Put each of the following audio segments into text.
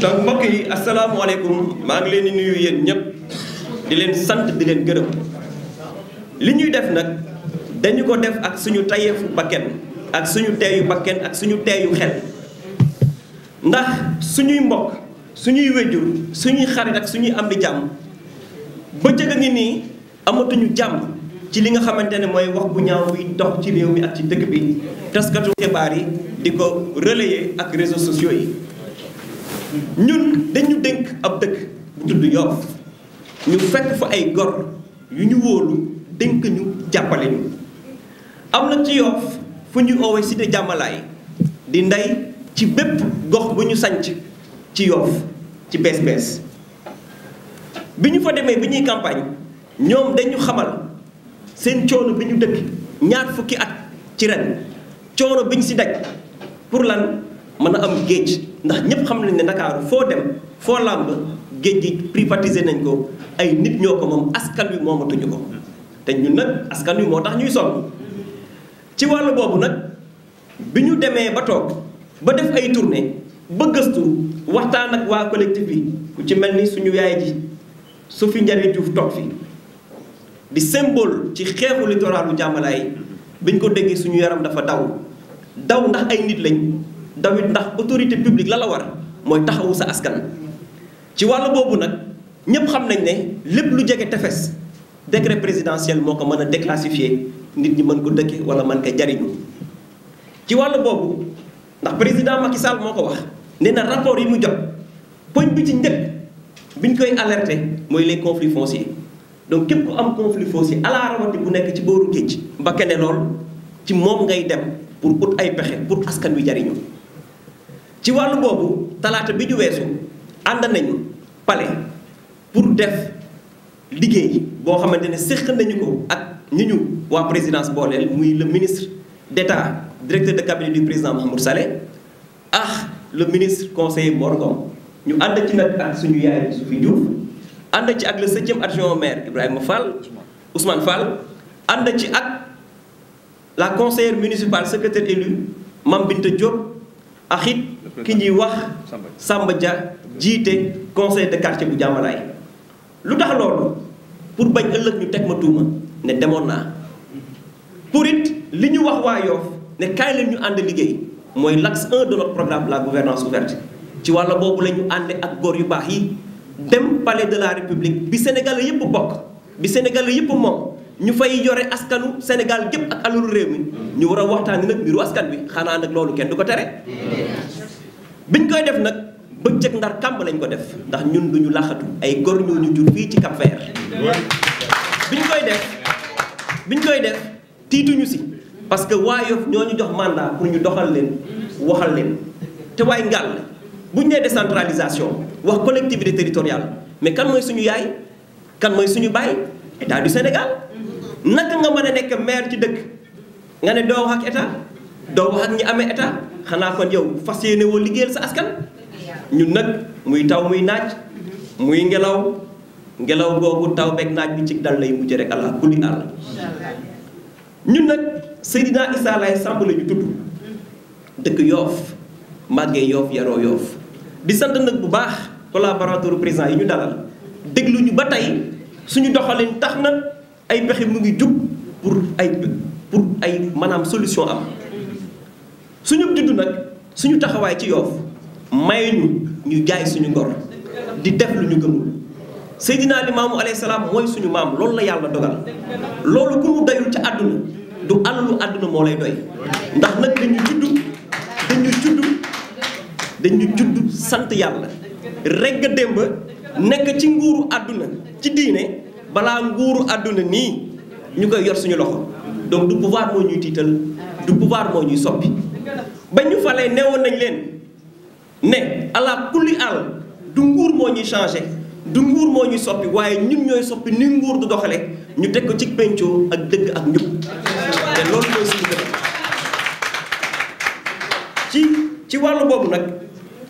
donc mbokk yi asalaamaaleykum maa ngi leen di nuyu yéen ñëpp di leen sant di leen gërëm li ñuy def nag dañu ko def ak suñu tayeefu bakken ak suñu teeyu bakken ak suñu teeyu xel ndax suñuy mbokk suñuy wéjur suñuy xarit ak suñuy am di jàmm bëccëg a ngi nii amatuñu jàmm ci li nga xamante ne mooy wax bu ñaaw bi dox ci réew mi ak ci dëkk bi taskatu xibaar yi di ko relayer ak réseaux sociaux yi ñun dañu dénk ab dëkk bu tudd Yoff ñu fekk fa ay gor yu ñu wóolu dénk ñu jàppale ñu am na ci Yoff fu ñu oowee cité jàmmalaay di ndey ci bépp gox bu ñu sanc ci Yoff ci bees bees bi ñu fa demee bi ñuy campagne ñoom dañu xamal seen coono bi ñu dëkk ñaar fukki at ci ren coono bi ñu si daj pour lan mën a am géej ndax ñëpp xam nañ ne Ndakaaru foo dem foo làmb géej gi privatisé nañ ko ay nit ñoo ko moom askan wi moomatuñu ko te ñun nag askan wi moo tax ñuy sol ci wàllu boobu nag bi ñu demee ba toog ba def ay turne ba gëstu waxtaan ak waa collectif bi ku ci mel ni suñu yaay ji su fi njëriñ Diouf toog fi di symbole ci xeexu littoral bu jàmmalaay biñ ko déggee suñu yaram dafa daw daw ndax ay nit lañ dawit ndax autorité publique la la war mooy taxawu sa askan ci wàll boobu nag ñëpp xam nañ ne lépp lu jege tefes décret présidentiel moo ko mën a déclassifier nit ñi mën ko dëkke wala man koy jariñu ci wàll boobu ndax président Macky Sall moo ko wax nee na rapport yi mu jot poñ bi ci njëkk biñ koy alerte mooy les conflits fonciers donc képp ku am conflit foncier à la rawati bu nekk ci booru géej ba kene lool ci moom ngay dem pour ut ay pexe pour askan wi jariñu ci wàllu boobu talaata bi ñu weesu ànd nañu pale pour def liggéey boo xamante ne séq nañu ko ak ñu ñu waa présidence booleel muy le ministre d'État directeur de cabinet du président Mahmoud Saleh ah le ministre conseiller Mor Ngom ñu ànd ci nag ak suñu yaay Soufi Diouf ànd ci ak le septième adjoint au maire Ibrahima Fall Ousmane Fall ànd ci ak la conseillère municipale secrétaire élu Mame Binta Diop ak it ki ñuy wax Samba Dia jiite conseil de quartier bu jàmmalaay lu tax loolu pour bañ ëllëg ñu teg ma tuuma ne demoon naa pour it li ñu wax waa Yoff ne kaay ñu ànd liggéey mooy l'axe 1 de notre programme la gouvernance ouverte ci wàlla boobu la ñu àndee ak góor yu baax yi dem palais de la république bi Sénégalais yëpp bokk bi Sénégalais yëpp moom ñu fay yore askanu Sénégal gépp ak alalu réew mi ñu war a waxtaani nag mbiru askan bi xanaa nag loolu kenn du ko tere biñ koy def nag bëccëg ndar kàmb lañ ko def ndax ñun duñu laxatu ay gor ñoo ñu jur fii ci Cap Vert biñ koy biñ koy def tiituñu si parce que waa Yoff ñoo ñu jox mandat pour ñu doxal leen waxal leen te waay ngàll ñu nee décentralisation wax collectivité teritorial mais kan mooy suñu yaay kan mooy suñu baay état du Sénégal naka nga mën a nekk maire ci dëkk nga ne doo wax ak état doo wax ak ñi amee état xanaa fan yow fas yéene woo liggéeyal sa askan ñun nag muy taw muy naaj muy ngelaw ngelaw googu taw beeg naaj bi ci dal lay mujj rek àlla kulli àll ñun nag Seydina Issa Laye Samb la ñu tudd dëkk yoof màggee yoof yaroo yoof di sant nag bu baax collaborateur président yi ñu dalal déglu ba tey suñu doxalin tax na ay mbexe mu ngi jug pour ay pour ay maanaam solution am suñu juddu nag suñu taxawaay ci yoof may ñu ñu jaay suñu ngor di def lu ñu gëmul Seydina Limaamu alayhi salaam mooy suñu maam loolu la yàlla dogal loolu ku mu dayul ci àdduna du alalu àdduna moo lay doy ndax nag dañu judd dañu judd sant yàlla regg démb nekk ci nguuru àdduna ci diine balaa nguuru àdduna nii ñu koy yor suñu loxo donc du pouvoir moo ñuy tiital du pouvoir moo ñuy soppi ba ñu falee newoon nañ leen ne ala kulli àll du nguur moo ñuy changé du nguur moo ñuy soppi waaye ñun ñooy soppi ni nguur du doxale ñu teg ko ci pencoo ak dëgg ak njub te loolu mooy suñu dëkk ci ci wàllu boobu nag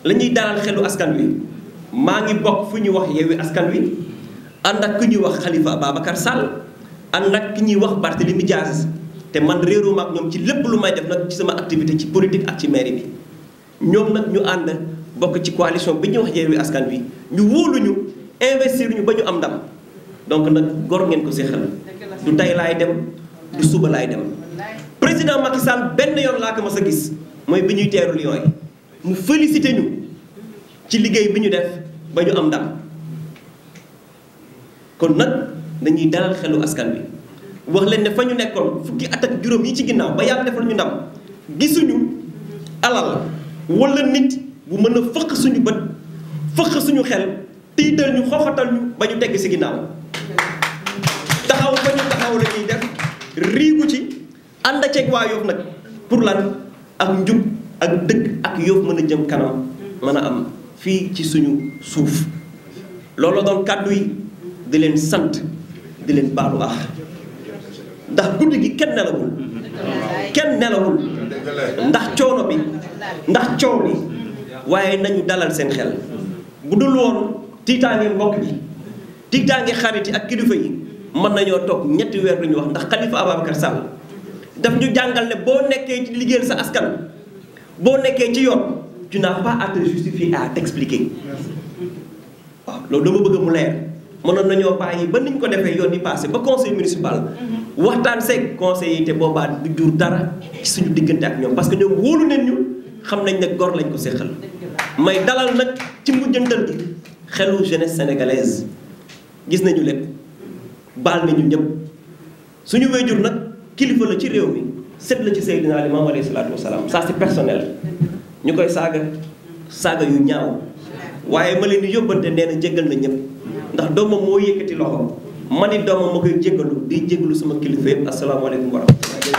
la ñuy dalal xelu askan wi maa ngi bokk fu ñuy wax yewwi askan wi ànd ak ki ñuy wax Khalifa Ababacar Sall ànd ak ki ñuy wax Barthélémy Dias te man réeruma ak ñoom ci lépp lu may def nag ci sama activité ci politique ak ci mairie bi ñoom nag ñu ànd bokk ci coalition bi ñuy wax Yewwi Askan Wi ñu ñu investir ñu ba ñu am ndam donc nag gor ngeen ko séexal du tey laay dem du suba laay dem président Macky Sall benn yoon laa ko mas a gis mooy bi ñuy teeru Lions mu félicité ñu ci liggéey bi ñu def ba ñu am ndam kon nag dañuy dalal xelu askan bi wax leen ne fa ñu nekkoon fukki at ak juróom yi ci ginnaaw ba yàlla defal ñu ndam gisuñu alal wala nit bu mën a fëq suñu bët fëq suñu xel tiital ñu xoxatal ñu ba ñu tegg ci ginnaaw taxaw fa ñu taxaw la def riigu ci ànd ceeg waa Yoff nag pour lan ak njub ak dëkk ak Yoff mën a jëm kanam mën a am fii ci suñu suuf looloo doon kàddu yi di leen sant di leen baalu ax ndax guddi gi kenn nelawul kenn nelawul ndax coono bi ndax coow bi waaye nañu dalal seen xel bu dul woon tiitaange mbokk yi tiitaange xarit yi ak kilifa yi mën nañoo toog ñetti weer lu ñu wax ndax Khalifa Ababacar Sall daf ñu jàngale boo nekkee ci liggéeyal sa askan boo nekkee ci yoon tu n'as pas à te justifier à loolu dama bëgg mu leer mënoon nañoo bàyyi ba niñ ko defee yoon yi passé ba conseil municipal mhm. waxtaan seeg conseil yi te boobaa du jur dara ci suñu diggante ak ñoom parce que ñoom wóolu nañ ñu xam nañ ne gor lañ ko séqal may dalal nag ci mujjantal gi xelu jeunesse sénégalaise gis nañu lépp baal ñu ñëpp suñu wéjur nag kilifa la ci réew mi set la ci Seydina Limaamu alayhi salaatu wasalaam ça c'est personnel ñu koy saaga saaga yu ñaaw waaye ma leen di yóbbante nee na jéggal na ñë ndax doomam moo yëkkati loxoom man it doomam ma koy jégalu di jégalu sama kilifa yëpp asalaamaaleykum wa rahmatulah.